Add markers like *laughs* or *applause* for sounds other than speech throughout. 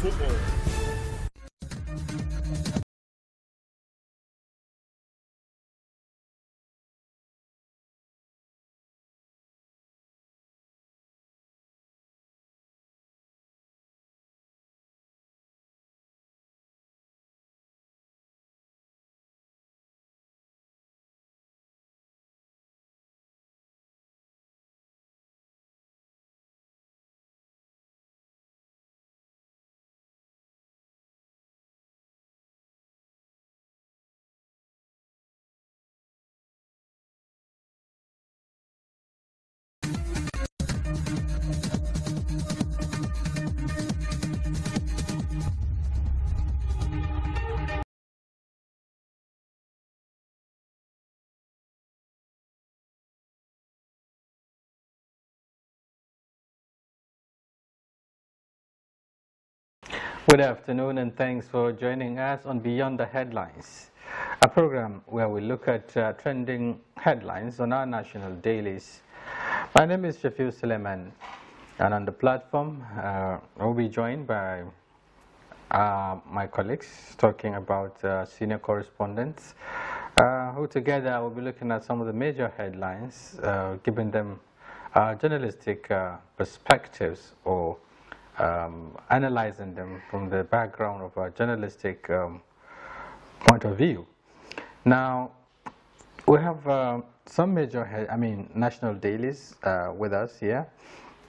football. Good afternoon, and thanks for joining us on Beyond the Headlines, a program where we look at uh, trending headlines on our national dailies. My name is Shafiu Suleiman, and on the platform, uh, I'll be joined by uh, my colleagues talking about uh, senior correspondents, uh, who together will be looking at some of the major headlines, uh, giving them uh, journalistic perspectives or um, analyzing them from the background of a journalistic um, point of view. Now, we have uh, some major, I mean, national dailies uh, with us here.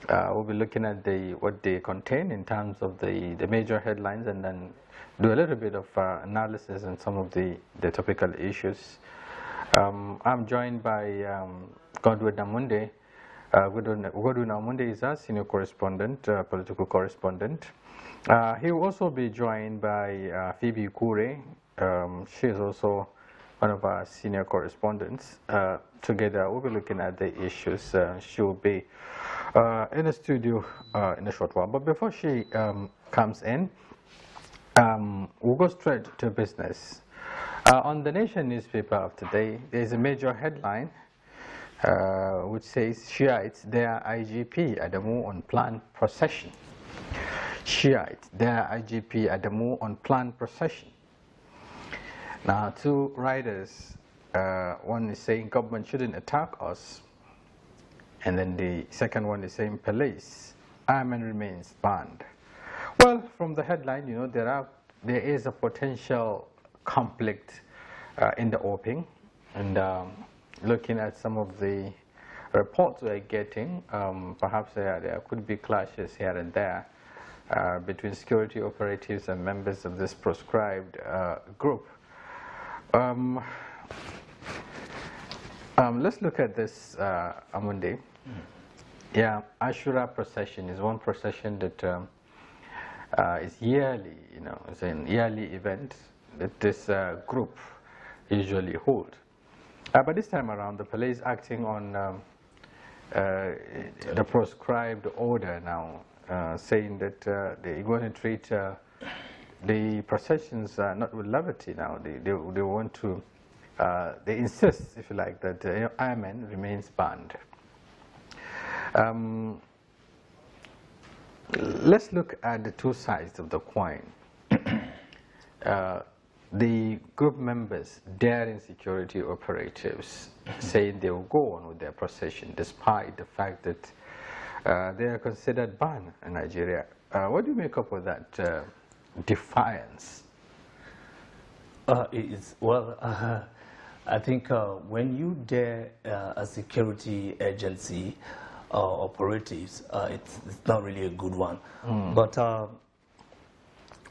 Uh, we'll be looking at the what they contain in terms of the, the major headlines and then do a little bit of uh, analysis on some of the, the topical issues. Um, I'm joined by um, Godwin Damunde. Uh, Godu Namunde is our senior correspondent, uh, political correspondent. Uh, he will also be joined by uh, Phoebe Kure. Um, she is also one of our senior correspondents. Uh, together, we'll be looking at the issues. Uh, she will be in the studio in a short while. But before she um, comes in, um, we'll go straight to business. on the Nation newspaper of today, there's a major headline uh, which says Shiites, their IGP Adamu on planned procession. Shiites, their IGP Adamu on planned procession. Now, two writers, uh, one is saying government shouldn't attack us, and then the second one is saying police, Iron remains banned. Well, from the headline, you know, there, are, there is a potential conflict uh, in the open, and um, looking at some of the reports we're getting, um, perhaps there, there, could be clashes here and there uh, between security operatives and members of this proscribed uh, group. Um, um, let's look at this, uh, Amundi. Mm. Yeah, Ashura procession is one procession that um, uh, is yearly, you know, it's an yearly event that this uh, group usually holds. Uh, but this time around, the police acting on um, uh, the proscribed order now, uh, saying that uh, they're going to treat uh, the processions uh, not with levity now. They, they, they want to, they insist, if you like, that uh, Ironman remains banned. Um, let's look at the two sides of the coin. *coughs* Uh, the group members, daring security operatives, saying they will go on with their procession despite the fact that uh, they are considered banned in Nigeria. Uh, what do you make up of that uh, defiance? Uh, well, *laughs* I think uh, when you dare uh, a security agency operatives, it's, it's, not really a good one. Mm. But um,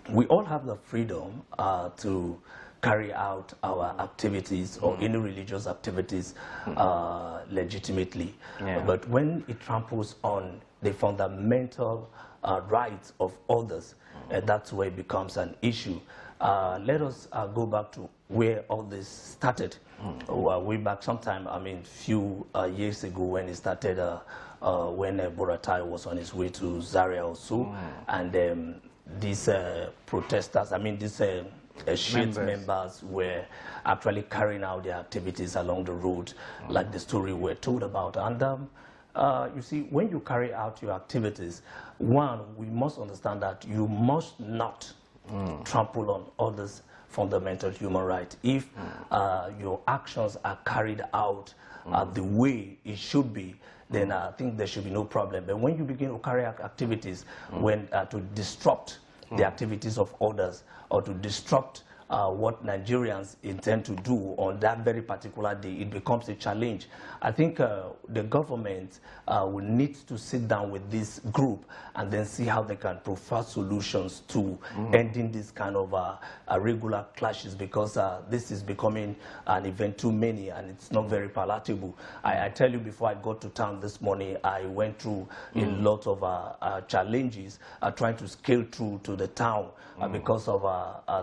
we all have the freedom uh, to carry out our activities or mm. any religious activities uh, mm. uh, legitimately. Yeah. But when it tramples on the fundamental uh, rights of others, mm. that's where it becomes an issue. Uh, let us uh, go back to where all this started. Mm. way back sometime, I mean, few years ago when it started, when uh, Boratai was on his way to Zaria or so, mm. and um, these uh, protesters, I mean, these uh, uh members. members. were actually carrying out their activities along the road, mm. like the story we're told about. And um, uh, you see, when you carry out your activities, one, we must understand that you must not mm. trample on others' fundamental human rights. If mm. uh, your actions are carried out mm. uh, the way it should be, then mm. I think there should be no problem. But when you begin to carry out activities mm. when, uh, to disrupt the mm. activities of others or to disrupt uh, what Nigerians intend to do on that very particular day, it becomes a challenge. I think uh, the government uh, will need to sit down with this group and then see how they can provide solutions to mm ending this kind of uh, uh, regular clashes because uh, this is becoming an event too many and it's not very palatable. I, I, tell you, before I got to town this morning, I went through mm a lot of challenges trying to scale through to the town mm because of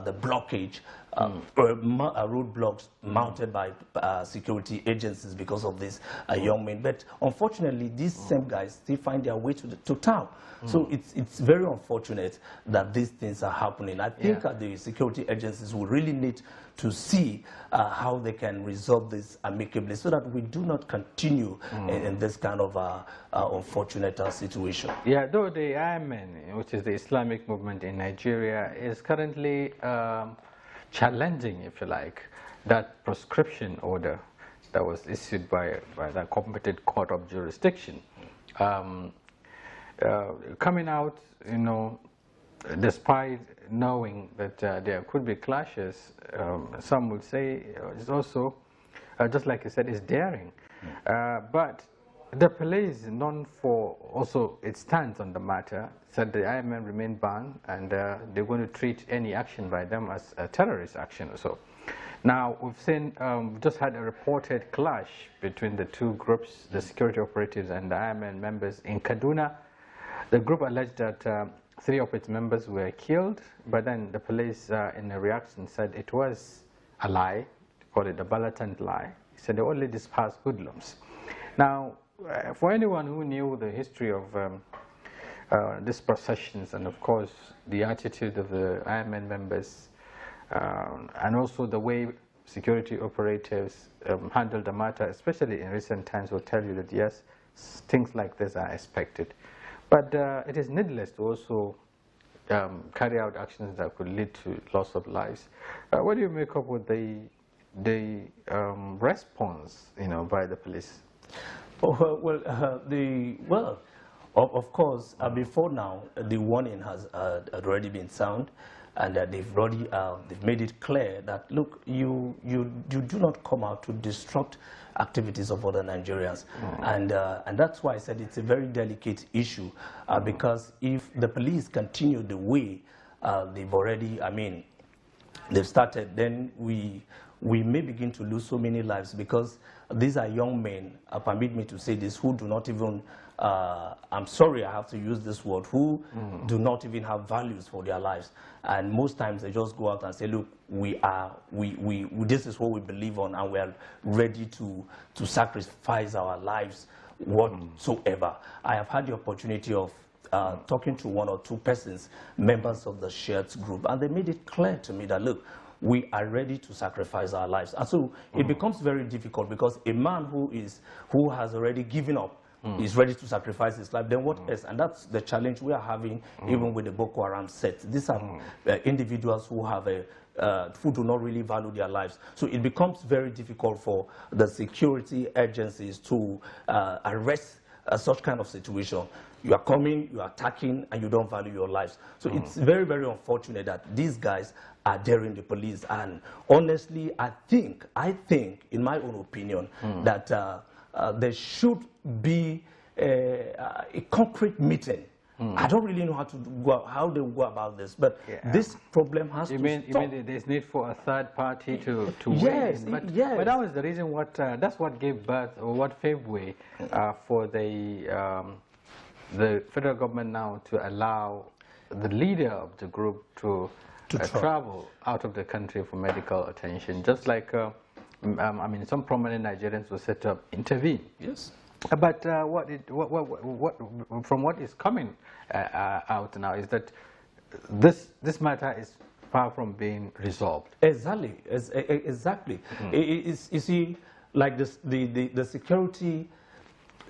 the blockage uh, mm. uh, roadblocks mounted by uh, security agencies because of these uh, hmm. young men. But unfortunately, these mm. same guys still find their way to, the, to town. Mm. So it's, it's very unfortunate that these things are happening. I think yeah. Uh, the security agencies will really need to see uh, how they can resolve this amicably so that we do not continue in, hmm. in, this kind of unfortunate situation. Yeah, though the IMN, which is the Islamic movement in Nigeria, is currently um, challenging, if you like, that prescription order that was issued by, by the competent court of jurisdiction. Um, uh, coming out, you know, despite knowing that uh, there could be clashes, um, some would say it's also, uh, just like you said, it's daring. Hmm. Uh, but the police, is known for also its stance on the matter, said the IMN remain banned and uh, they're going to treat any action by them as a terrorist action or so. Now, we've seen, um, we just had a reported clash between the two groups, the security operatives and the IMN members in Kaduna. The group alleged that uh, three of its members were killed, but then the police, uh, in a reaction, said it was a lie, called it a blatant lie. He said they only dispersed hoodlums. Now, uh, for anyone who knew the history of um, uh, these processions and of course the attitude of the IMN members um, and also the way security operatives um, the matter, especially in recent times, will tell you that yes, things like this are expected. But uh, it is needless to also um, carry out actions that could lead to loss of lives. Uh, what do you make up with the, the um, response you know, by the police? Oh, well, uh, the, well, of, of course, uh, before now, the warning has uh, already been sound, and uh, they've already um, they've made it clear that, look, you, you, you do not come out to disrupt activities of other Nigerians. Mm. And, uh, and that's why I said it's a very delicate issue, uh, mm. because if the police continue the way they've already, I mean, they've started, then we, we may begin to lose so many lives because these are young men, uh, permit me to say this, who do not even, uh, I'm sorry I have to use this word, who mm. do not even have values for their lives. And most times they just go out and say, look, we are, we, we, we this is what we believe on and we are ready to, to sacrifice our lives whatsoever. Mm. I have had the opportunity of uh, mm. talking to one or two persons, members of the shared group, and they made it clear to me that, look, we are ready to sacrifice our lives. And so mm. it becomes very difficult because a man who, is, who has already given up mm. is ready to sacrifice his life, then what mm. else? And that's the challenge we are having mm. even with the Boko Haram set. These are mm. uh, individuals who have a uh, who do not really value their lives. So it becomes very difficult for the security agencies to uh, arrest uh, such kind of situation. You are coming, you are attacking, and you don't value your lives. So mm it's hmm. very, very unfortunate that these guys are daring the police. And honestly, I think, I think, in my own opinion, mm. that uh, uh, there should be a, a concrete meeting. Mm. I don't really know how to go, how they go about this, but yeah. this problem has you to mean, stop. You mean there's need for a third party to to yes, win? But, yes. but that was the reason. What uh, that's what gave birth or what gave way uh, for the. Um, the federal government now to allow the leader of the group to, to uh, travel out of the country for medical attention, just like, uh, um, I mean, some prominent Nigerians were set up intervene. Yes. But uh, what, it, what, what, what, from what is coming uh, uh, out now is that this, this matter is far from being resolved. Exactly, exactly. Mm you see, like this, the, the, the security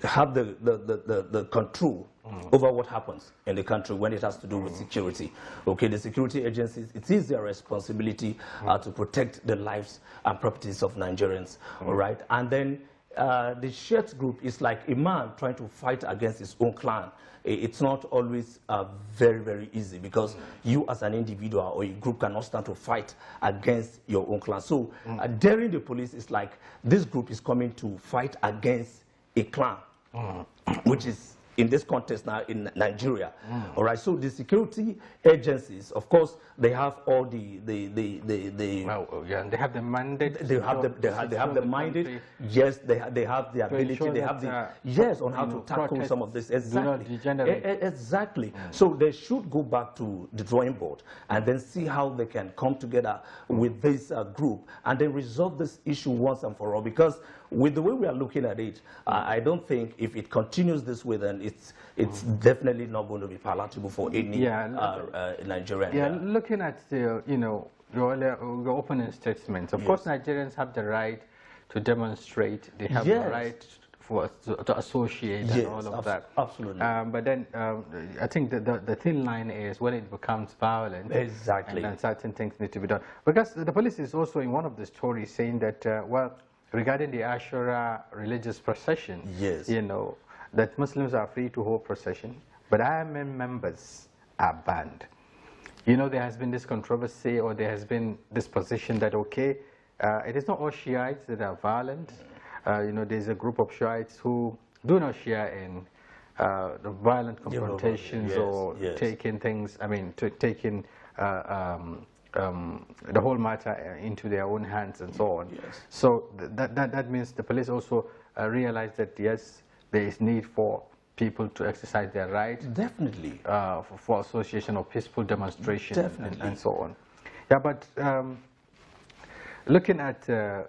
have the, the, the, the control mm. over what happens in the country when it has to do mm. with security. Okay, the security agencies, it is their responsibility uh, mm. uh, to protect the lives and properties of Nigerians, mm. all right? And then uh, the Shirt group is like a man trying to fight against his own clan. It's not always uh, very, very easy because mm. you as an individual or a group cannot stand to fight against your own clan. So mm. uh, daring the police is like this group is coming to fight against a clan mm. which is in this context now in Nigeria. Mm. All right, so the security agencies, of course, they have all the the the the. the well, uh, yeah, they have the mandate. They have the they have, they have the, mandate. Yes, they ha they have the ability. They have the uh, yes on how to tackle some of this exactly. exactly. Mm. So they should go back to the drawing board and then see how they can come together with this uh, group and then resolve this issue once and for all because with the way we are looking at it, I don't think if it continues this way, then it's it's mm. definitely not going to be palatable for any yeah, uh, uh, Nigerian. Yeah, uh, looking at the you know your, your opening statements, of yes. course Nigerians have the right to demonstrate. They have yes. the right for to, associate yes, and all of that. Absolutely. Um, but then um, I think the, the, the, thin line is when it becomes violent. Exactly. And certain things need to be done because the police is also in one of the stories saying that uh, well regarding the Ashura religious procession, yes, you know, that Muslims are free to hold procession, but IMM members are banned. You know, there has been this controversy or there has been this position that, okay, uh, it is not all Shiites that are violent. Uh, you know, there's a group of Shiites who do not share in uh, the violent confrontations yes, or yes. taking things, I mean, taking uh, um, um, the whole matter uh, into their own hands and so on. Yes. So th that, that, that means the police also uh, realize that, yes, there is need for people to exercise their right. Definitely. Uh, for, for, association or peaceful demonstration Definitely. And, and so on. Yeah, but um, looking at, uh, uh,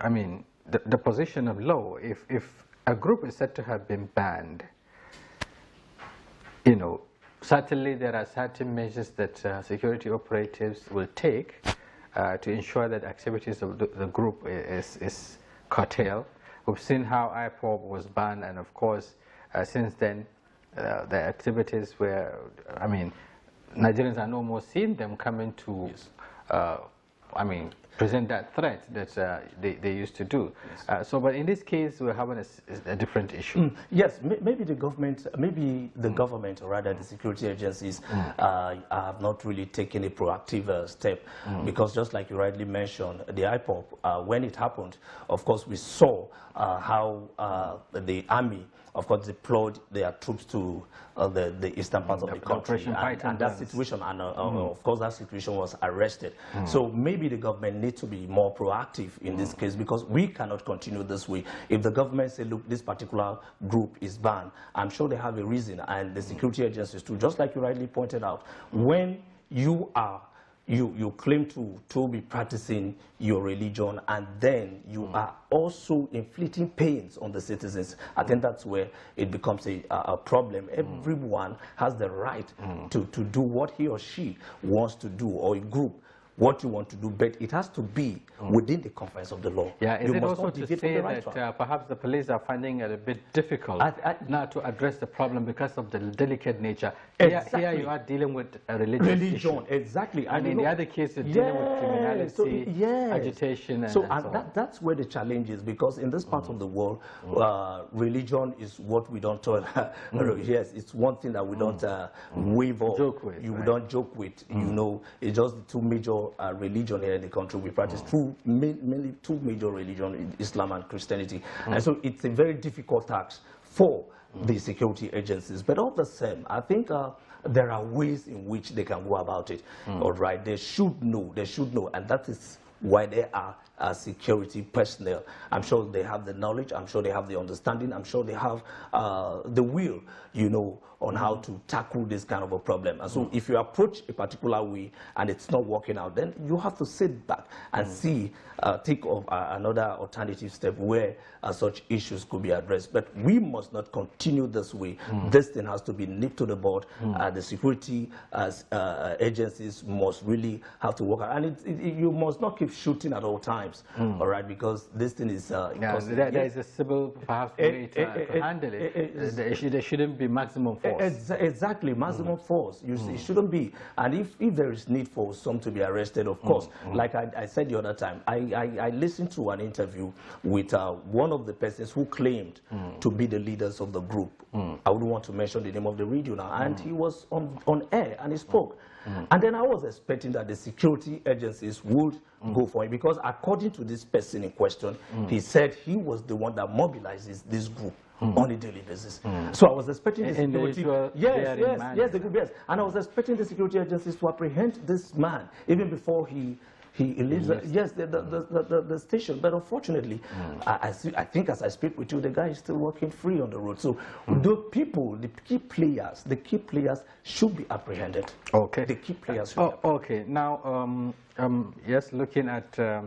I mean, the, the position of law, if, if a group is said to have been banned, you know, certainly there are certain measures that uh, security operatives will take uh, to ensure that activities of the, the group is, is, curtailed. We've seen how IPOB was banned, and of course, uh, since then, uh, the activities where, I mean, Nigerians are no more seeing them coming to, yes. Uh, I mean, present that threat that uh, they, they used to do. Yes. Uh, so, but in this case, we're having a, a different issue. Mm. Yes, maybe the government, maybe the mm. government, or rather the security agencies, mm. uh, have not really taken a proactive uh, step, mm. because just like you rightly mentioned, the IPOP, uh, when it happened, of course, we saw uh, how the army of course, deployed their troops to uh, the, the eastern parts of the country. And, and, that situation, and uh, uh, mm. of course, that situation was arrested. Mm. So maybe the government needs to be more proactive in mm. this case because we cannot continue this way. If the government say, look, this particular group is banned, I'm sure they have a reason, and the security agencies too, just like you rightly pointed out, when you are you, you claim to, to be practicing your religion and then you mm. are also inflicting pains on the citizens. I think that's where it becomes a, a problem. Mm. Everyone has the right mm. to, to do what he or she wants to do or a group what you want to do, but it has to be mm. within the confines of the law. Yeah, is you it also to say right that uh, perhaps the police are finding it a bit difficult I, now to address the problem because of the delicate nature? Exactly. Here, here you are dealing with a religious Religion, issue. exactly. And, and in know, the other case, you're dealing yes, with criminality, so, yes. agitation, and so, and, so that, that's where the challenge is because in this part mm. of the world, mm. uh, religion is what we don't tolerate. *laughs* Mm. yes, it's one thing that we don't mm. uh, off. Joke with. You right? don't joke with. You mm. know, it's just the two major uh, religion here in the country. We practice mm. two, mainly two major religions, Islam and Christianity. Mm. And so it's a very difficult task for mm. the security agencies. But all the same, I think uh, there are ways in which they can go about it. Mm. All right, they should know, they should know. And that is why they are uh, security personnel. I'm sure they have the knowledge, I'm sure they have the understanding, I'm sure they have uh, the will, you know, on how to tackle this kind of a problem. And so mm. if you approach a particular way and it's not working out, then you have to sit back and mm. see, uh, take of, uh, another alternative step where uh, such issues could be addressed. But we must not continue this way. Mm. This thing has to be nipped to the board. Mm. the security uh, agencies must really have to work. And it, it, you must not keep shooting at all times tribes, mm. all right, because this thing is. Uh, yeah, there, there is a civil, perhaps, it, uh, to, it, to handle it. it there, should, there, shouldn't be maximum force. exactly, maximum mm. force. Mm. It hmm. shouldn't be. And if, if there is need for some to be arrested, of hmm. course, hmm. like I, I, said the other time, I, I, I, listened to an interview with uh, one of the persons who claimed to be the leaders of the group. I wouldn't want to mention the name of the radio now. And he was on, on air and he spoke. Mm. And then I was expecting that the security agencies would mm. go for it because according to this person in question, mm. he said he was the one that mobilizes this group. Mm. On a daily basis. Mm. So I was expecting the security... Yes, yes, yes, the group, yes. And I was expecting the security agencies to apprehend this man even before he he lives, yes, the, the, the, the, station. But unfortunately, hmm. I, I, think as I speak with you, the guy is still working free on the road. So hmm. the people, the key players, the key players should be apprehended. Okay. The key players oh, Okay. Now, um, um, yes, looking at... Uh,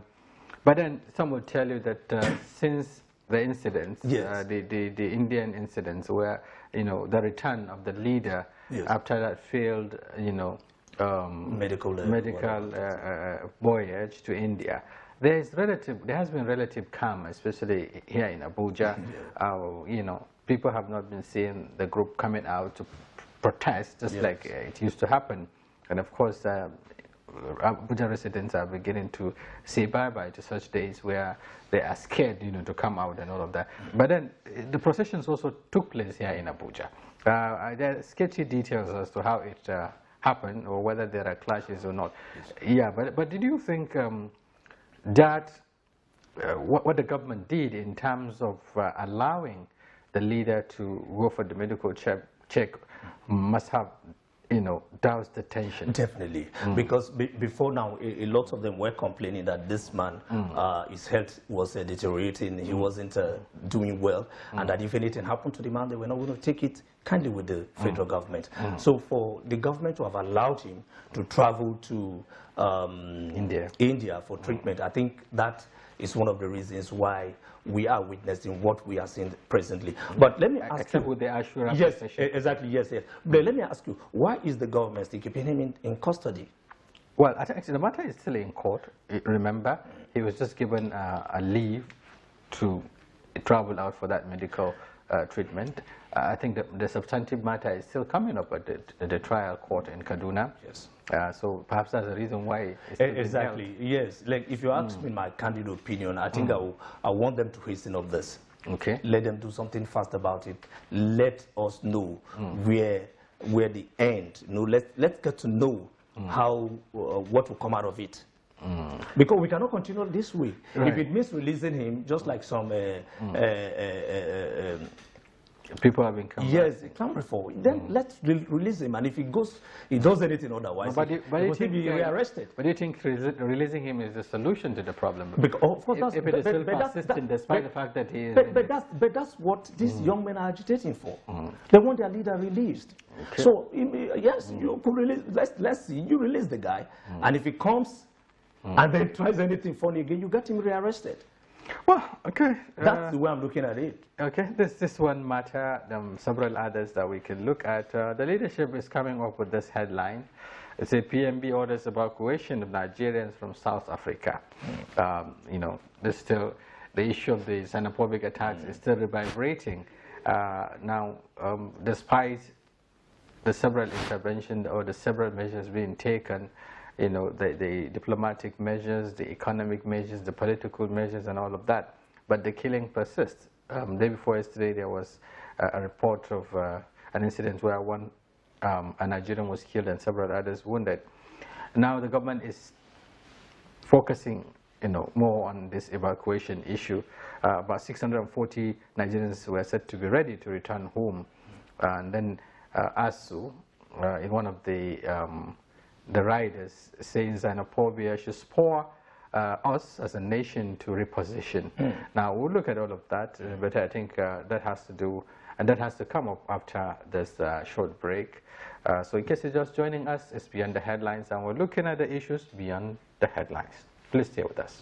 but then some will tell you that uh, *coughs* since the incidents, yes. uh, the, the, the, Indian incidents where, you know, the return of the leader yes. after that failed, you know, um, medical, uh, medical uh, uh, voyage to India. There is relative, there has been relative calm, especially here in Abuja. *laughs* Yeah. you know, people have not been seeing the group coming out to protest, just yes. like it used to happen. And of course, Abuja residents are beginning to say bye-bye to such days where they are scared, you know, to come out and all of that. Mm. But then the processions also took place here in Abuja. Uh, there are sketchy details as to how it uh, happen or whether there are clashes or not. Yeah, but, but did you think um, that uh, what, what the government did in terms of uh, allowing the leader to go for the medical check, check must have you know, douse the tension. Definitely, mm. because be, before now, a, a, lot of them were complaining that this man, mm. uh, his health was uh, deteriorating, mm. he wasn't uh, doing well, mm. and that if anything happened to the man, they were not going to take it kindly with the mm. federal government. Mm. So for the government to have allowed him to travel to um, India. India for treatment, I think that is one of the reasons why we are witnessing what we are seeing presently. But let me ask Except you, with the Ashura Yes, procession. exactly, yes, yes. Mm. But let me ask you, why is the government still keeping him in, in custody? Well, actually, the matter is still in court. Remember, he was just given uh, a leave to travel out for that medical uh, treatment. Uh, I think the, the, substantive matter is still coming up at the, the trial court in Kaduna. Yes. Uh, so perhaps that's the reason why. exactly. Yes. Like if you ask mm. me my candid opinion, I think mm. I, will, I want them to hasten up this. Okay. Let them do something fast about it. Let us know mm. where where the end. You know, let let's get to know hmm. how uh, what will come out of it. Mm. Because we cannot continue this way. Right. If it means releasing him, just like some uh, mm. uh, uh, uh um, People have been coming. Yes, clamoring for. Then mm. let's re release him, and if he goes, he does anything otherwise, but he, but he will be uh, arrested. But do you think re releasing him is the solution to the problem? Because of course, if, if it but, still but, persistent, that, despite but, the fact that he is. But, that's, but that's what these mm. young men are agitating for. Mm. They want their leader released. Okay. So yes, you mm. could release. Let's let's see. You release the guy, mm. and if he comes, mm. and then tries anything funny again, you get him rearrested. Well, okay. That's uh, the way I'm looking at it. Okay, this this one matter. Um, several others that we can look at. Uh, the leadership is coming up with this headline. It's a PMB orders evacuation of Nigerians from South Africa. Mm. Um, you know, there's still the issue of the xenophobic attacks mm. is hmm. still vibrating. Uh, now, um, despite the several interventions or the several measures being taken, you know, the, the diplomatic measures, the economic measures, the political measures, and all of that. But the killing persists. Um, day before yesterday, there was a, a report of uh, an incident where one um, a Nigerian was killed and several others wounded. Now the government is focusing you know, more on this evacuation issue. Uh, about 640 Nigerians were said to be ready to return home. and then uh, ASU, uh, in one of the um, the writers saying xenophobia should spur uh, us as a nation to reposition. Mm. Now we'll look at all of that, uh, but I think uh, that has to do, and that has to come up after this uh, short break. Uh, so in case you're just joining us, it's Beyond the Headlines, and we're looking at the issues beyond the headlines. Please stay with us.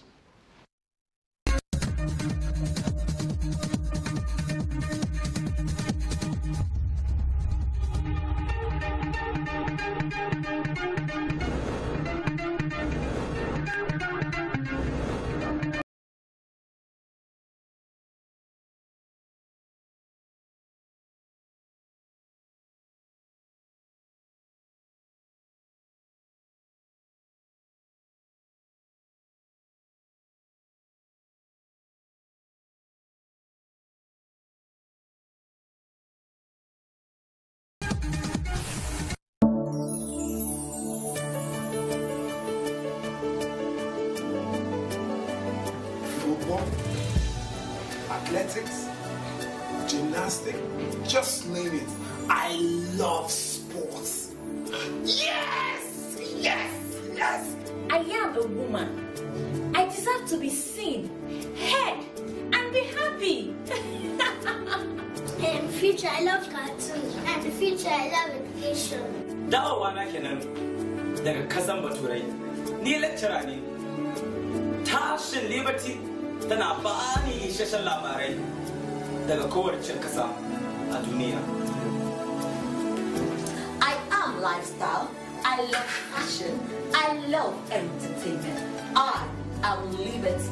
head, head, and be happy. In the future, I love cartoons, and the future, I love education. Dawowa na kenan daga kasan baturai. Ni lecturer ne. Tashin Liberty tana bani isasshen labarai daga kowace kasa a duniya. I am lifestyle. I love fashion. I love entertainment. I am liberty.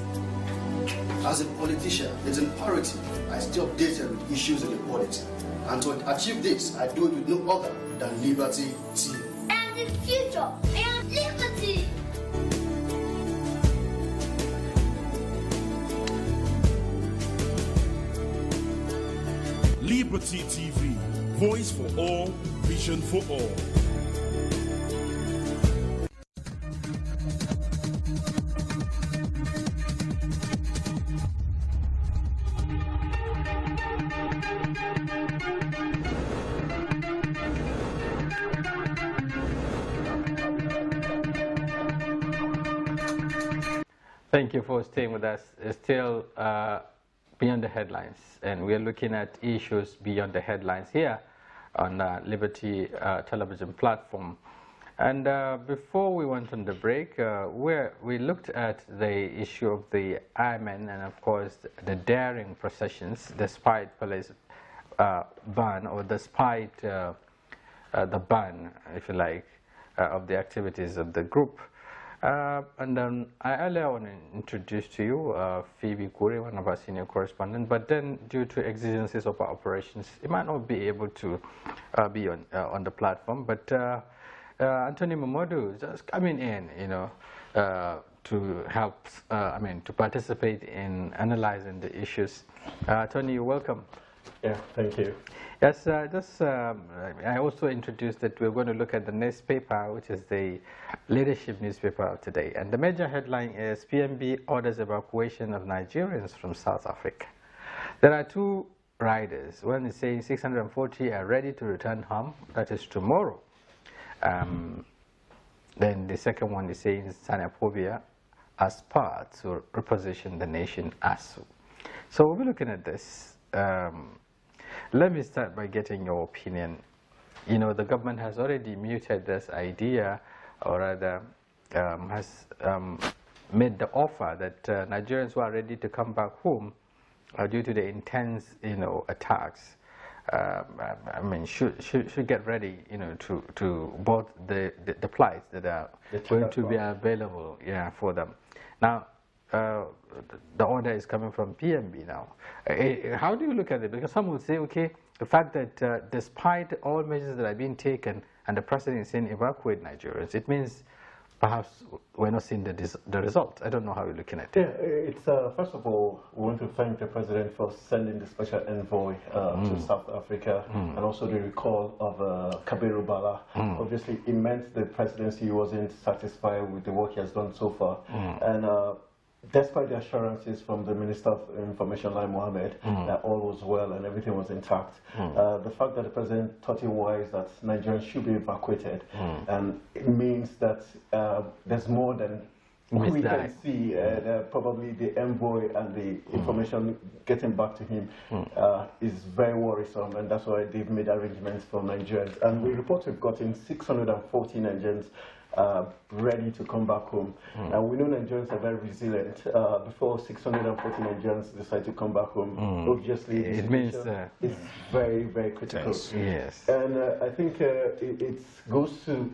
As a politician, it's imperative I stay updated with issues in the politics. And to achieve this, I do it with no other than Liberty TV. And the future, and Liberty! Liberty TV, voice for all, vision for all. you for staying with us. It's uh, still uh, Beyond the Headlines, and we're looking at issues beyond the headlines here on uh, Liberty uh, Television platform. And uh, before we went on the break, uh, where we looked at the issue of the I-men, and, of course, the daring processions, despite police uh, ban or despite the ban, if you like, of the activities of the group. Uh, and then I earlier to introduce to you uh, Phoebe Gure, one of our senior correspondents, but then due to exigencies of our operations, he might not be able to uh, be on uh, on the platform. But uh, uh, Anthony Momodu just coming in, you know, to help, I mean, to participate in analyzing the issues. Tony, welcome. Yeah, thank you. Yes, uh, just um, I also introduced that we're going to look at the next paper, which is the leadership newspaper of today. And the major headline is PMB orders evacuation of Nigerians from South Africa. There are two riders. One is saying 640 are ready to return home, that is tomorrow. Um, then the second one is saying as part to reposition the nation ASU. So we'll be looking at this. Um, let me start by getting your opinion. You know, the government has already muted this idea, or rather, um, has um, made the offer that uh, Nigerians who are ready to come back home uh, due to the intense, you know, attacks. Um, I mean, should, should, should get ready, you know, to, to board the, the, the flights that are going to be available, yeah, for them. Now, uh, the order is coming from PMB now. Uh, eh, eh, how do you look at it? Because some would say, okay, the fact that uh, despite all measures that are being taken and the president is saying evacuate Nigerians, it means perhaps we're not seeing the, the result. I don't know how you're looking at it. Yeah, eh, it's, uh, first of all, we want to thank the president for sending the special envoy uh, mm. to South Africa mm. and also the recall of uh, Kabiru Bala. Mm. Obviously, it meant the presidency wasn't satisfied with the work he has done so far. Mm. And despite the assurances from the Minister of Information, Lai Mohammed, mm. that all was well and everything was intact, mm. uh, the fact that the president thought it wise that Nigerians should be evacuated, mm. and it means that uh, there's more than we that. can see uh, mm. probably the envoy and the mm. information getting back to him mm. uh, is very worrisome, and that's why they've made arrangements for Nigerians. And we report we've gotten 640 Nigerians uh, ready to come back home. Mm. And we know Nigerians are very resilient. Uh, before 640 Nigerians decide to come back home, mm. obviously it means uh, it's very, very critical. Yes. yes. And uh, I think uh, it, goes to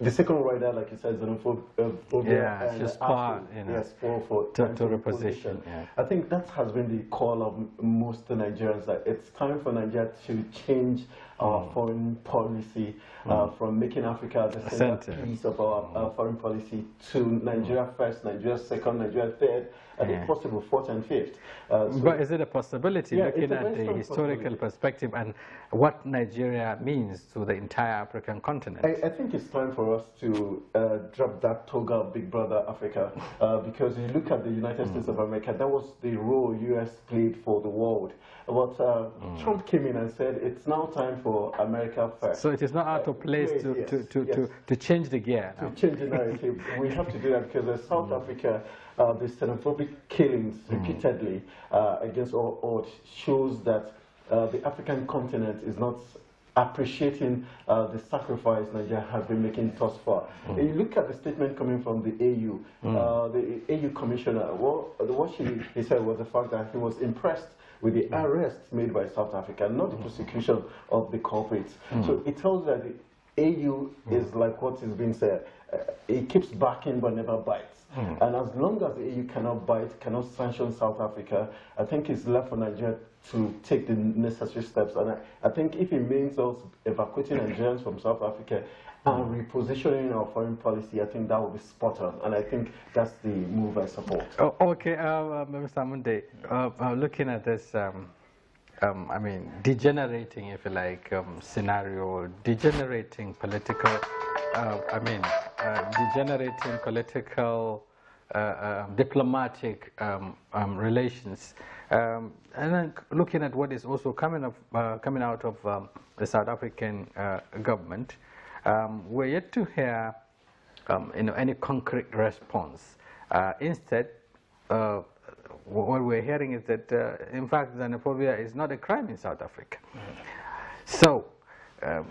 the second rider, like you said, xenophobe, uh, yeah, and just part, you know, yes, for, for total reposition. Yeah. I think that has been the call of most Nigerians that it's time for Nigeria to change our mm. foreign policy, uh, mm. from making Africa the center, center. piece of our, our, uh, mm. foreign policy to Nigeria first, Nigeria second, Nigeria third, and yeah. possible, fourth and fifth. Uh, so but is it a possibility, yeah, looking at the historical perspective and what Nigeria means to the entire African continent? I, I think it's time for us to uh, drop that toga of Big Brother Africa, uh, because you look at the United mm. States of mm. America, that was the role U.S. played for the world. But uh, mm. Trump came in and said, it's now time for America first. So it is not out of uh, place to, to, to, yes. to, to change the gear. To change the narrative. *laughs* we have to do that because South mm. Africa uh, the xenophobic killings hmm. repeatedly uh, against all odds shows that uh, the African continent is not appreciating uh, the sacrifice Nigeria has been making thus far. Mm. You look at the statement coming from the AU, mm. uh, the AU commissioner, what she, he said was the fact that he was impressed with the hmm. arrests made by South Africa, not the hmm. prosecution of the culprits. Mm. So it tells that the AU is like what is being said, uh, it keeps backing but never bites. Mm. And as long as the EU cannot bite, cannot sanction South Africa, I think it's left for Nigeria to take the necessary steps. And I, I think if it means us evacuating Nigerians from South Africa and hmm. repositioning our foreign policy, I think that would be spot on. And I think that's the move I support. Oh, okay, uh, uh Mr. uh, uh, looking at this. Um, um, I mean, degenerating, if you like, um, scenario, degenerating political, uh, I mean, uh, degenerating political, uh, um, diplomatic um, um, relations. Um, and then looking at what is also coming, up, uh, coming out of um, the South African government, um, we're yet to hear you know, any concrete response. instead, what we're hearing is that, in fact, xenophobia is not a crime in South Africa. So um,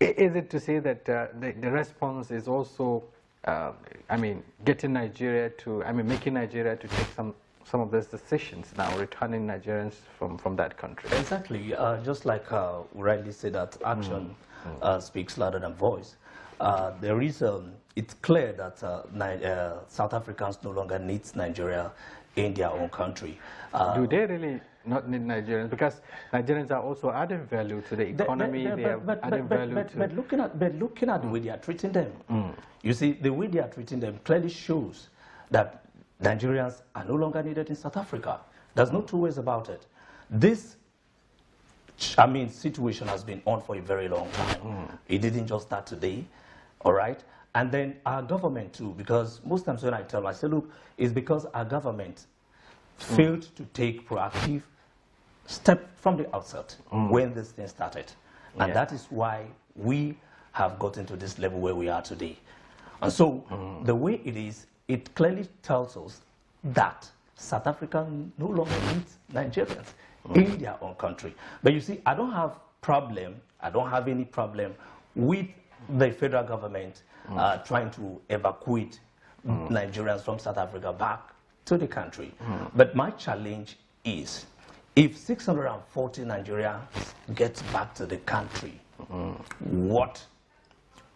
is it to say that uh, the, the, response is also, uh, I mean, getting Nigeria to, I mean, making Nigeria to take some some of those decisions now, returning Nigerians from, from that country. Exactly. Uh, just like uh, rightly said, that action mm. mm. Uh, speaks louder than voice. Uh, there is, um, it's clear that uh, South Africans no longer need Nigeria in their own country. Do they really not Nigerians, because Nigerians are also adding value to the economy. they are but, adding value to. But looking at but looking at the way they are treating them, mm. you see, the way they are treating them clearly shows that Nigerians are no longer needed in South Africa. There's no two ways about it. This, I mean, situation has been on for a very long time. Mm. It didn't just start today, all right? And then our government too, because most times when I tell them, I say, look, it's because our government failed to take proactive step from the outset mm. when this thing started. And yeah. that is why we have gotten to this level where we are today. And so mm. the way it is, it clearly tells us that South Africa no longer needs Nigerians mm. in their own country. But you see, I don't have problem, I don't have any problem with the federal government mm. uh, trying to evacuate mm. Nigerians from South Africa back to the country. Mm. But my challenge is if 640 Nigerians get back to the country, mm. what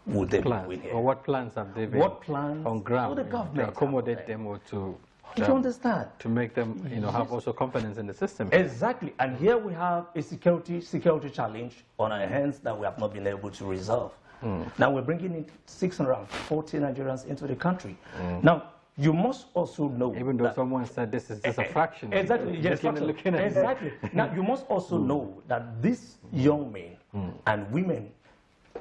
would they plans? be Or what plans have they been What plans on ground the government to accommodate them or to do you um, understand? To make them, you know, have also confidence in the system. Exactly. And here we have a security security challenge on our hands that we have not been able to resolve. Mm. Now we're bringing in 640 Nigerians into the country. Mm. Now, you must also know. Even though someone said this is just a fraction. Exactly. Yes, fraction. exactly. now, you must also mm. know that these young men mm. and women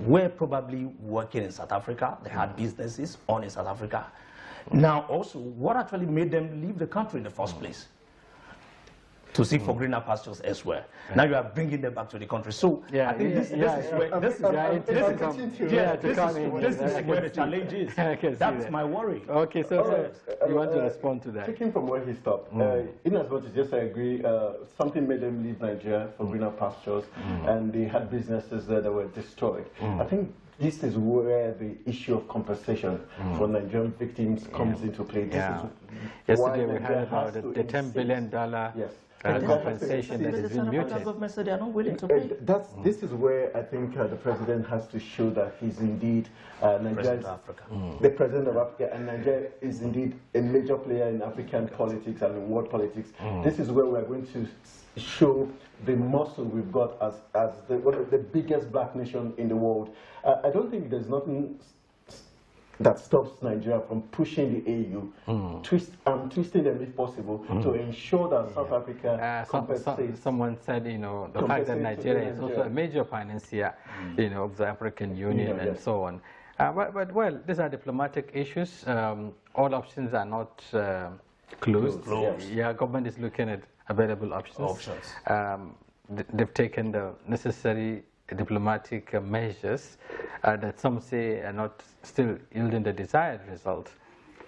were probably working in South Africa. They had hmm. businesses on in South Africa. Hmm. Now, also, what actually made them leave the country in the first hmm. place? to seek for hmm. greener pastures elsewhere. Now you are bringing them back to the country. So I think this, this is where this is where the *laughs* challenge is. That's my worry. Okay, so you want to respond to that? Taking from where he stopped, hmm. uh, in as much as yes, I agree, uh, something made them leave Nigeria for hmm. greener pastures, and they had businesses there that were destroyed. I think this is where the issue of compensation mm. for Nigerian victims comes yeah. into play. This yeah. Yesterday we heard about the, the $10 billion yes uh, compensation that has been muted. Uh, that's, this is where I think uh, the president has to show that he's indeed uh, Nigeria's, mm. the president of Africa, and Nigeria is indeed a major player in African politics and in world politics. Mm. This is where we're going to show the muscle we've got as, as the, the biggest black nation in the world. Uh, I don't think there's nothing that stops Nigeria from pushing the EU, mm. twist um, twisting them if possible mm. to ensure that yeah. South Africa uh, compensates. Some, some, someone said, you know, the fact that Nigeria is also a major financier, mm. you know, of the African Union yeah, and yes. so on. Uh, but, but, well, these are diplomatic issues. Um, all options are not uh, closed. closed. Yes. Yeah, government is looking at available options. Options. Um, they've taken the necessary diplomatic measures uh, that some say are not still yielding the desired result.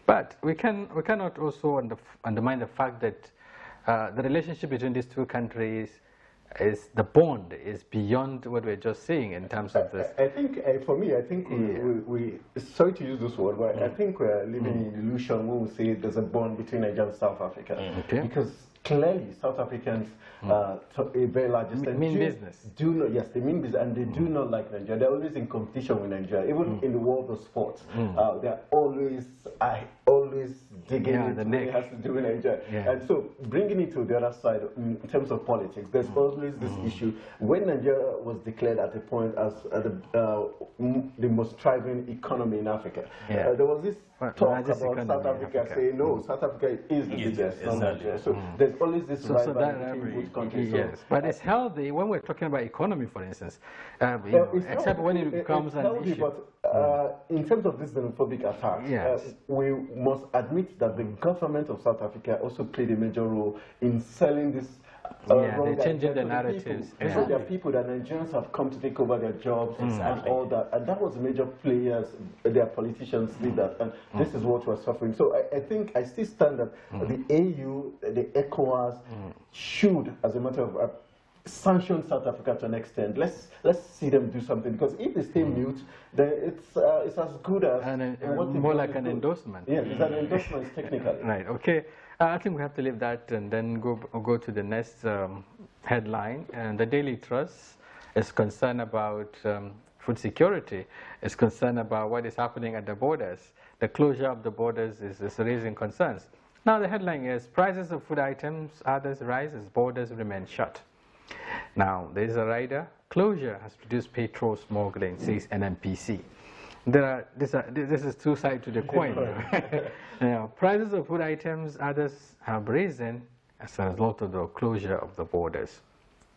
But we, can, we cannot also undermine the fact that uh, the relationship between these two countries is the bond is beyond what we're just seeing in terms of this. I, I think, uh, for me, I think we, yeah. we, we, sorry to use this word, but mm. I think we're living mm. in illusion when we say there's a bond between Nigeria and South Africa. Mm. Okay. Because clearly South Africans, hmm. uh, to a very large extent, mean do, business. Do not, yes, they mean business, and they do hmm. not like Nigeria. They're always in competition with Nigeria, even hmm. in the world of sports. Uh, they're always, I always digging yeah, into it has to do with Nigeria, yeah. and so bringing it to the other side in terms of politics. There's always this issue when Nigeria was declared at the point as uh, the, the most thriving economy in Africa. Yeah. Uh, there was this talk about South Africa, Africa, say no, mm. South Africa is the yes, biggest. Exactly. So mm. there's always this so, so that, between countries. Yes. So. but it's healthy when we're talking about economy, for instance, um, know, except healthy, when it becomes an healthy, issue. But uh, in terms of this xenophobic attack, uh, yes. uh, we must admit that the government of South Africa also played a major role in selling this uh, yeah, they changing the narratives. Yeah. So there are people that Nigerians have come to take over their jobs and all that. And that was major players, their politicians did that. And mm. this is what we're suffering. So I, I think I still stand that mm. the AU, the ECOWAS mm. should, as a matter of uh, sanction South Africa to an extent. Let's let's see them do something because if they stay mm. mute, then it's uh, it's as good as and, more like an endorsement. Yeah, it's an endorsement technically. *laughs* Right. Okay. Uh, I think we have to leave that and then go go to the next um, headline. And uh, the Daily Trust is concerned about um, food security. Is concerned about what is happening at the borders. The closure of the borders is, is raising concerns. Now the headline is prices of food items others rise as borders remain shut. Now there is a rider closure has produced petrol smuggling, says NMPC there are, this, are, this is two sides to the coin. *laughs* *laughs* prices of food items, others have risen as a result of the closure of the borders.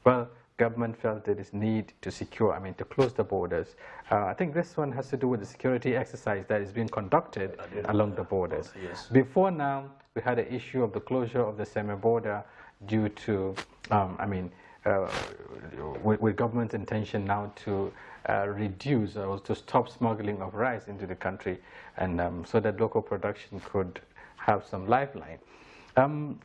Well, government felt it is need to secure, I mean, to close the borders. Uh, I think this one has to do with the security exercise that is being conducted along the borders. Yes. Before now, we had an issue of the closure of the semi-border due to, um, I mean, uh, with, with government's intention now to uh, reduce or to stop smuggling of rice into the country and um, so that local production could have some lifeline. Um,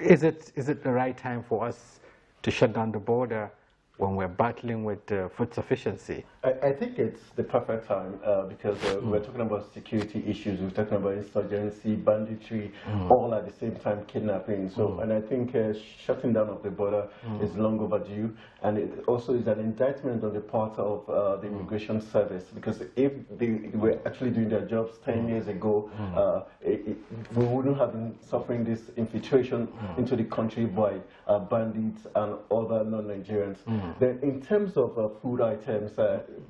is, it, is it the right time for us to shut down the border when we're battling with uh, food sufficiency I, I think it's the perfect time uh, because uh, mm. we're hmm. talking about security issues, we're talking about insurgency, banditry, mm. all at the same time kidnapping. So, mm. and I think uh, shutting down of the border hmm. is long overdue, and it also is an indictment on the part of uh, the hmm. immigration service because if they were actually doing their jobs 10 years ago, uh, it, it, we wouldn't have been suffering this infiltration into the country by uh, bandits and other non-Nigerians. Then, in terms of food items.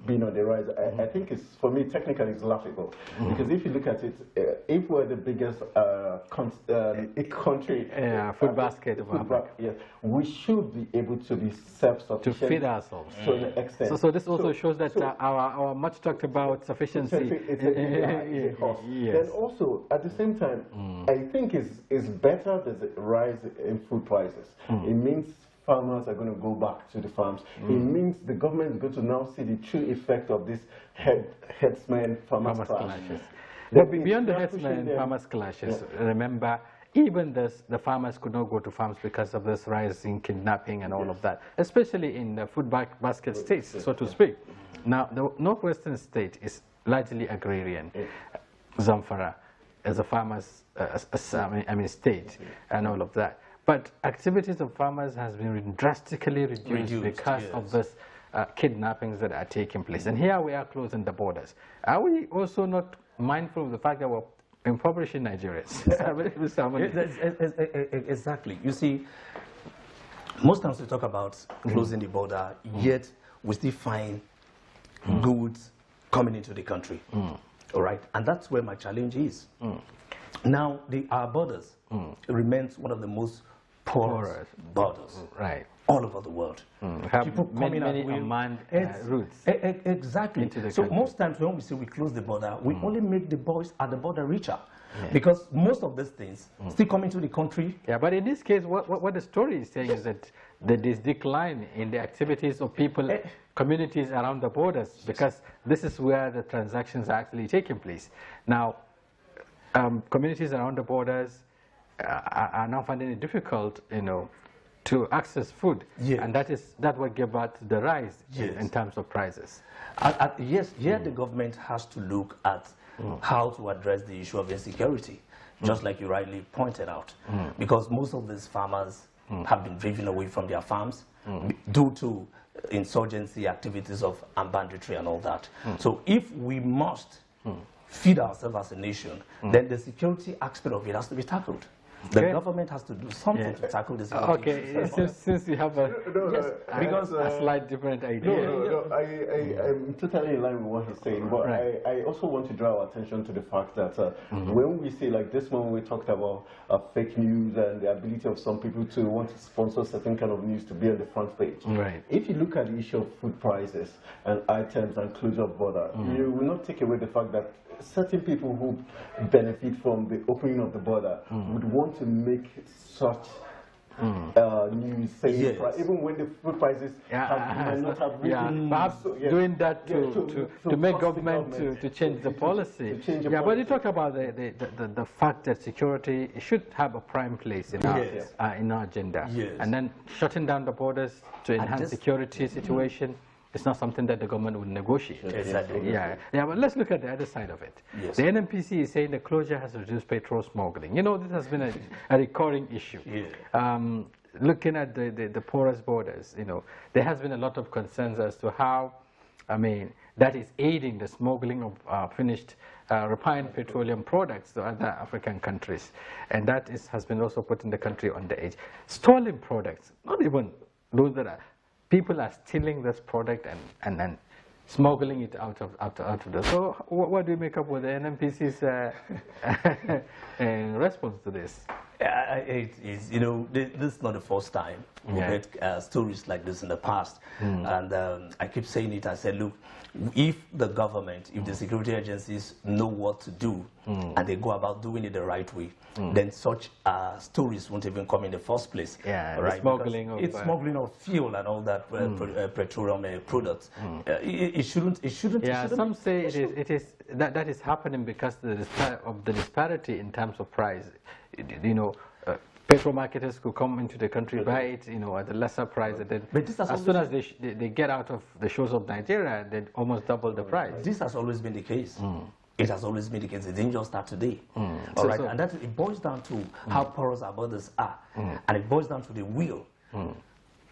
Being on the rise, I, I, think it's, for me, technically it's laughable. Mm. Because if you look at it, uh, if we're the biggest uh, uh, eh, country... Yeah, food uh, basket food of Africa. yes, we should be able to be self-sufficient. To feed ourselves. To an extent. So, so this also so, shows that so uh, our, our much talked about sufficiency... It's a, it's a, *laughs* yes. Then also, at the same time, mm. I think it's, it's better that the rise in food prices. Mm. It means farmers are going to go back to the farms. Mm. It means the government is going to now see the true effect of this head, headsman farmers, farmers clashes. clashes. But beyond the headsmen and farmers clashes, yeah. remember, even this, the farmers could not go to farms because of this rising kidnapping and all yes. of that, especially in the food basket states, so to speak. Now, the northwestern state is largely agrarian. Yeah. Zamfara, as a farmer's, uh, mean, I mean, state, and all of that. But activities of farmers has been drastically reduced, reduced because yes. of this uh, kidnappings that are taking place. And here we are closing the borders. Are we also not mindful of the fact that we're impoverishing Nigerians? Exactly. exactly. You see, most times we talk about closing mm. the border, mm. yet we still find mm. goods coming into the country. Mm. All right? And that's where my challenge is. Mm. Now, the, our borders mm. remains one of the most porous, borders, right. all over the world. Mm. People coming many, with unmanned uh, routes. exactly. so country. most times when we say we close the border, we mm. only make the boys at the border richer. Yeah. Because most of these things mm. still come into the country. Yeah, but in this case, what, what, what the story is saying is that there is decline in the activities of people, uh, communities around the borders, because this is where the transactions are actually taking place. Now, um, communities around the borders, are uh, now finding it difficult, you know, to access food. Yes. And that is that what gave birth to the rise yes. in, in, terms of prices. yes, here mm. the government has to look at mm. how to address the issue of insecurity, mm. just mm. like you rightly pointed out. Mm. Because most of these farmers mm. have been driven away from their farms due to insurgency activities of banditry and all that. So if we must feed ourselves as a nation, then the security aspect of it has to be tackled. The okay. government has to do something yeah. to tackle this. Okay, since, since you have a, no, yes, uh, because, uh, a slight different idea. No, no, no I, I, am totally in line with what he's saying, but right. I, I also want to draw attention to the fact that uh, mm -hmm. when we say, like this moment, we talked about uh, fake news and the ability of some people to want to sponsor certain kind of news to be on the front page. Right. If you look at the issue of food prices and items and closure of border, mm -hmm. you will not take away the fact that certain people who benefit from the opening of the border mm. would want to make such Mm. Uh, new selling yes. price, even when the food prices yeah. have, might not have risen. *laughs* Yeah. Perhaps so, yeah. doing that to, to, to, to, to make government, government, to, change the policy. Change yeah, policy. but you talk about the, the, the, the, fact that security should have a prime place in our, uh, in our agenda. Yes. And then shutting down the borders to enhance just, security situation it's not something that the government would negotiate. Exactly. Yeah, yeah but let's look at the other side of it. Yes. The NMPC is saying the closure has reduced petrol smuggling. You know, this has been a, a recurring issue. Yeah. Um, looking at the, the, the, porous borders, you know, there has been a lot of concerns as to how, I mean, that is aiding the smuggling of uh, finished uh, refined petroleum products to other African countries. And that is, has been also putting the country on the edge. Stolen products, not even those that are people are stealing this product and, and then smuggling it out of out, out of the. So what, what do you make up with the NMPC's uh, *laughs* response to this? it is, you know, this is not the first time we've yeah. heard uh, stories like this in the past. Mm. And um, I keep saying it, I said, look, if the government, if mm. the security agencies know what to do, Mm. and they go about doing it the right way, mm. then such uh, stories won't even come in the first place. Yeah, right? smuggling of it's uh, smuggling of fuel and all that uh, mm. Uh, petroleum uh, products. Mm. Uh, it, it, shouldn't. It shouldn't. Yeah, it shouldn't, some say it is. It is that that is happening because the of the disparity in terms of price. You know. Petrol marketers could come into the country, buy it, you know, at a lesser price, and then but this as soon as they, they, they, get out of the shores of Nigeria, they almost double the price. This has always been the case. Mm. It has always been the case. It didn't just start today. Mm. All so, right, so. and that it boils down to mm. how porous our borders are, mm. and it boils down to the will mm.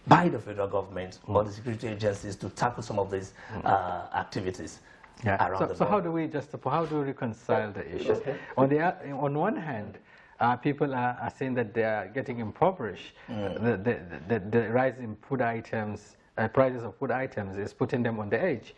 by the federal government or the security agencies to tackle some of these mm. uh, activities. Yeah. So, so how do we just how do we reconcile the issues? Okay. On the on one hand, uh, people are, are, saying that they are getting impoverished. Mm. The, the, the, the, rise in food items, uh, prices of food items is putting them on the edge.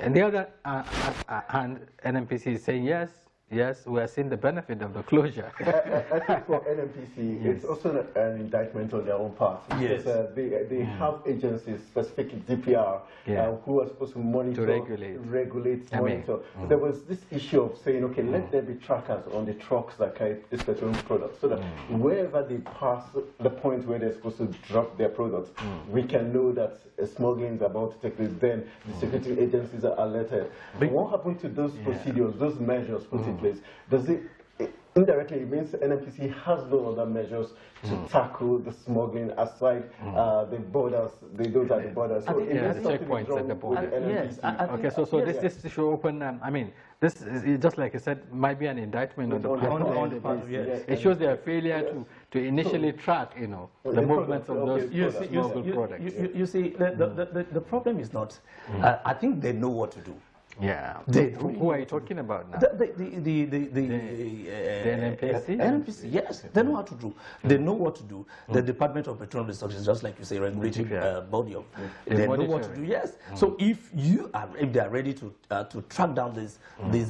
And the other uh, uh, hand, uh, NMPC is saying yes, Yes, we are seeing the benefit of the closure. I, *laughs* I, think for NMPC, yes. it's also an, indictment on their own part. Yes. Because, uh, they, they mm. have agencies, specifically DPR, yeah. uh, who are supposed to monitor, to regulate, regulate monitor. mean, mm. There was this issue of saying, okay, mm. let there be trackers on the trucks that carry these petroleum products, so that mm. wherever they pass the point where they're supposed to drop their products, mm. we can know that smuggling is about to take place. Then the mm. security agencies are alerted. But what happened to those yeah. procedures, those measures put in place. Does it, it indirectly it means NMPC has no other measures to mm. tackle the smuggling aside mm. uh, the borders, the borders. So yeah, the checkpoints at the border. yes, okay, so, so yes, this, this should open, um, I mean, this is, just like I said, might be an indictment on the, on, on the part. Yes. yes. It shows their failure yes. to, to initially so, track, you know, the, the movements of those you see, smuggled you, products. You, you, you see, the, the, hmm. the, the, problem is not, mm. uh, I think they know what to do. Yeah. who are you talking about now? The, the, the, the, the, uh, NPC? NPC, yes. They know how to do. They know what to do. The mm. Department of Petroleum Resources, just like you say, regulating uh, body of, they know what to do, yes. Mm. So if you are, if they are ready to, uh, to track down this, mm. this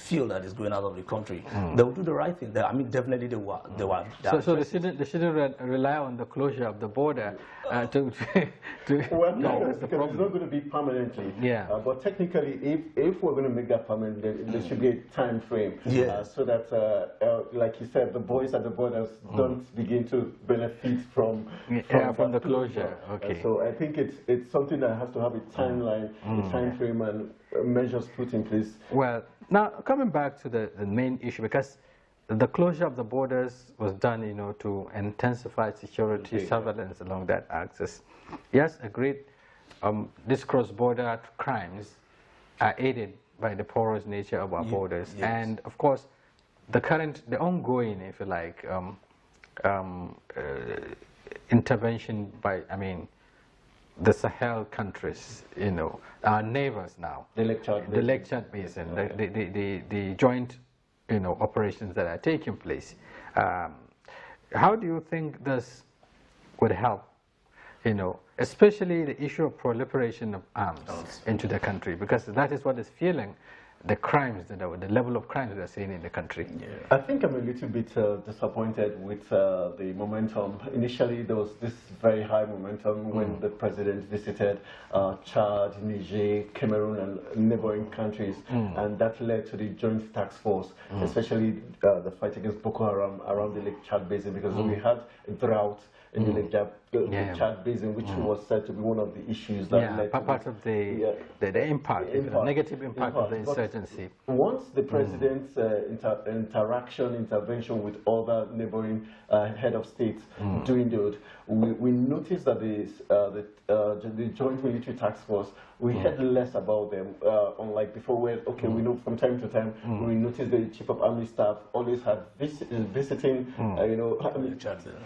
fuel that is going out of the country, they will do the right thing. I mean, definitely they were. They were so so they, shouldn't, they shouldn't rely on the closure of the border to, *laughs* to... Well, no, because it's not going to be permanently. Yeah. but technically, if, if we're going to make that permanent, there, there should be a time frame. Yeah. Uh, so that, uh, uh, like you said, the boys at the borders mm. don't begin to benefit from from, yeah, from the closure. Uh, okay. so I think it's it's something that has to have a mm. timeline, mm. a time frame, and uh, measures put in place. Well, now coming back to the, the main issue, because the closure of the borders was done, you know, to intensify security okay, surveillance yeah. along that axis. Yes, agreed. Um, this cross-border crimes are aided by the porous nature of our borders. Yes. And of course, the current, the ongoing, if you like, um, um, uh, intervention by, I mean, the Sahel countries, you know, our neighbors now. The lecture The lecture basin, okay. the, the, the, the, joint, you know, operations that are taking place. Um, how do you think this would help you know, especially the issue of proliferation of arms into the country, because that is what is fueling the crimes, that are, the level of crimes we are seeing in the country. Yeah. I think I'm a little bit uh, disappointed with uh, the momentum. Initially, there was this very high momentum mm. when the president visited uh, Chad, Niger, Cameroon, and neighboring countries, mm. and that led to the joint task force, mm. especially uh, the fight against Boko Haram around the Lake Chad Basin, because mm. we had a drought in the mm. Lake Chad the, yeah. the in which mm. was said to be one of the issues that yeah, led part of the, yeah. the, the, impact, the, impact, the negative impact, impact. of the insurgency. But once the mm. president's uh, inter interaction, intervention with other neighboring uh, head of states mm. that, we, we noticed that uh, the, uh, the, the Joint Military Task Force, we mm. heard less about them, uh, unlike before where, okay, we mm. know from time to time, mm. we noticed the chief of army staff always had vis visiting, you uh, know,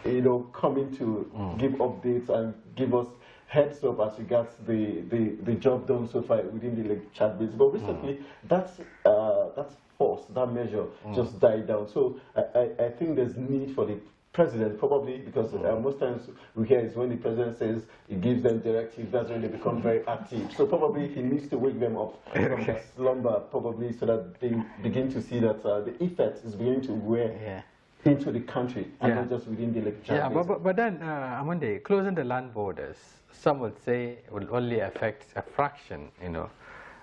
you know, coming to give updates and give us heads up as regards the, the, the job done so far within the like, chat base. But recently, mm. that's, uh, that's force, that measure mm. just died down. So I, I, I think there's need for the president, probably, because mm. uh, hmm. most times we hear is when the president says he gives them directives, that's when they become very active. So probably he needs to wake them up from okay. slumber, probably, so that they begin to see that uh, the effect is beginning to wear yeah into the country and yeah. not just within the electoral Yeah, but, but, but, then, uh, closing the land borders, some would say will only affect a fraction, you know,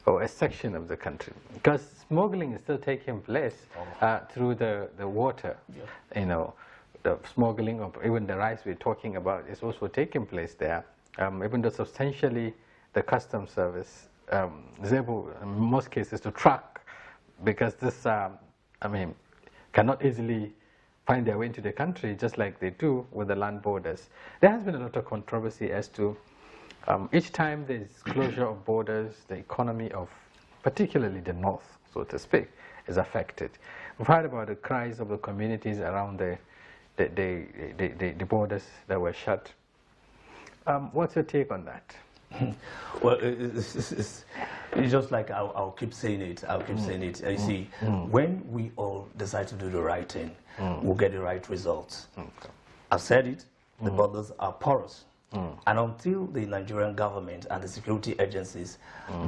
or a section of the country. Because smuggling is still taking place uh, through the, the water, yeah. you know, the smuggling of even the rice we're talking about is also taking place there. Um, even though substantially the customs service um, is able, in most cases, to track because this, um, I mean, cannot easily find their way into the country just like they do with the land borders. There has been a lot of controversy as to um, each time there's closure of borders, the economy of particularly the north, so to speak, is affected. We've heard about the cries of the communities around the, the, the, the, the borders that were shut. Um, what's your take on that? *laughs* well, it's, it's, it's, just like I'll, I'll, keep saying it. I'll keep mm. saying it. You mm. see, mm. when we all decide to do the right thing, mm. we'll get the right results. Okay. I've said it. The mm. borders are porous. Mm. And until the Nigerian government and the security agencies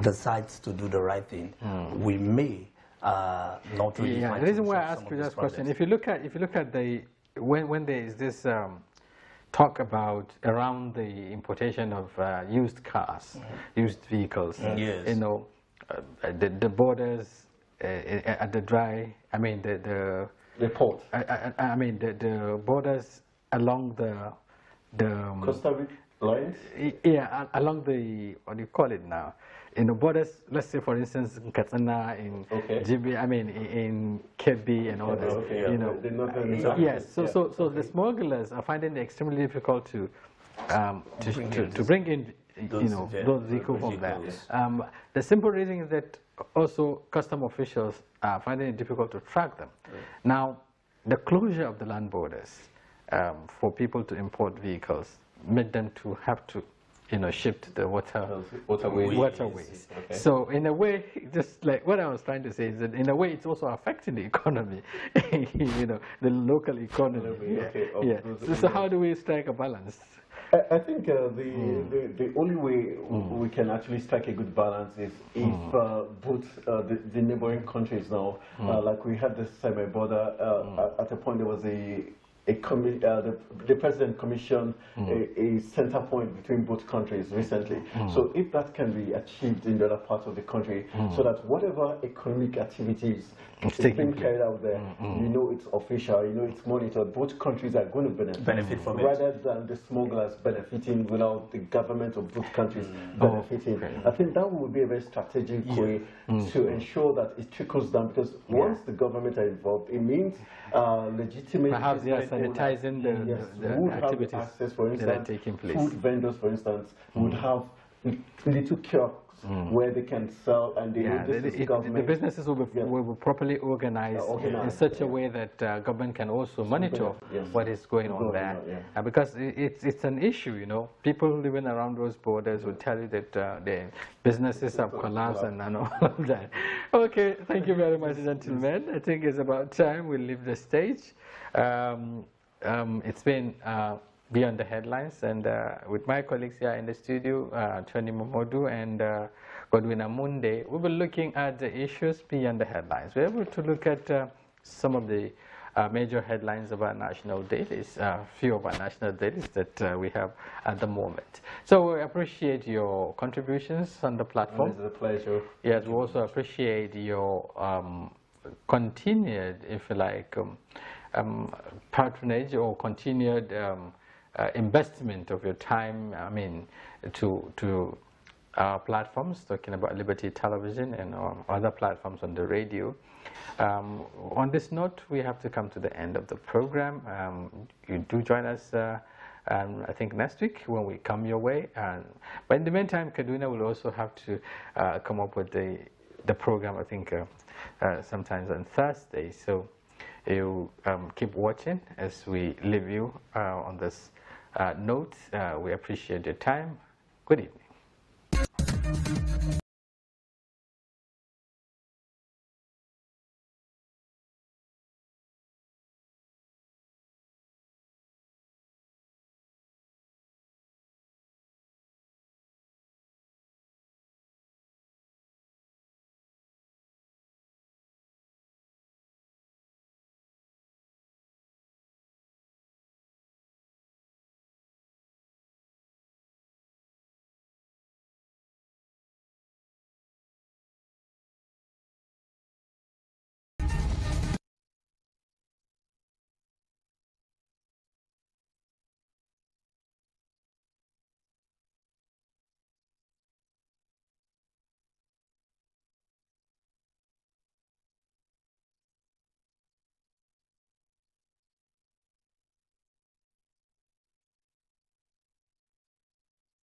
decides to do the right thing, we may uh, not really. Yeah, the reason why I asked you this question: if you look at if you look at the when when there is this um, talk about around the importation of uh, used cars, yeah. Mm-hmm. used vehicles. Mm-hmm. Yes. You know, uh, the, the borders uh, uh, at the dry, I mean, the... the, the port. I, I, I, mean, the, the borders along the... the um, Costa Rica lines? Yeah, along the, what do you call it now? in the borders, let's say for instance in Katsina, in okay. GB, I mean in, in and all okay, this, okay, you yeah. know. Uh, yes, so, yeah. so, so the smugglers are finding it extremely difficult to, um, to, bring to, to, bring in, you know, those vehicles from there. Um, the simple reason is that also custom officials are finding it difficult to track them. Right. Now, the closure of the land borders um, for people to import vehicles made them to have to you know, shift the water waterways. waterways. Okay. So in a way, just like what I was trying to say is that in a way, it's also affecting the economy, *laughs* you know, the local economy. yeah. Okay. yeah. So, so, how do we strike a balance? I, think uh, the, mm. the, the only way mm. we can actually strike a good balance is if mm. uh, both uh, the, the, neighboring countries now, hmm. uh, like we had the semi border. At a point, there was a a commi- uh, the, the president commissioned mm. a, a, center point between both countries recently. Mm. So if that can be achieved in the other part of the country, mm. so that whatever economic activities is being carried out there, mm, mm. you know it's official, you know it's monitored, both countries are going to benefit, benefit from rather it. than the smugglers benefiting without the government of both countries mm. benefiting. Oh, okay. I think that would be a very strategic yeah. way to ensure that it trickles down because yeah. once the government are involved, it means uh, legitimate... Perhaps, yes, sanitizing the, yes. the, the activities instance, that are taking place. Food vendors, for instance, would have little care mm. where they can sell and the yeah, the, the, businesses will be, yeah. will be properly organized, yeah, organized, in such a way that uh, government can also monitor yes. what is going on there. Out, uh, because it, it's, it's an issue, you know. People living around those borders will tell you that uh, their businesses have collapsed and, all of *laughs* that. Okay, thank you very much, gentlemen. I think it's about time we leave the stage. Um, um, it's been uh, Beyond the Headlines. And uh, with my colleagues here in the studio, uh, Tony Momodu and uh, Godwin Amunde, we be looking at the issues beyond the headlines. We are able to look at uh, some of the uh, major headlines of our national dailies, a uh, few of our national dailies that uh, we have at the moment. So we appreciate your contributions on the platform. It is a pleasure. Yes, we also appreciate your um, continued, if you like, um, um, patronage or continued um, uh, investment of your time, I mean, to, to our platforms, talking about Liberty Television and um, other platforms on the radio. Um, on this note, we have to come to the end of the program. Um, you do join us, uh, um, I think, next week when we come your way. but in the meantime, Kaduna will also have to uh, come up with the, the program, I think, uh, uh sometimes on Thursday. So you um, keep watching as we leave you uh, on this uh, notes. Uh, we appreciate your time. Good evening.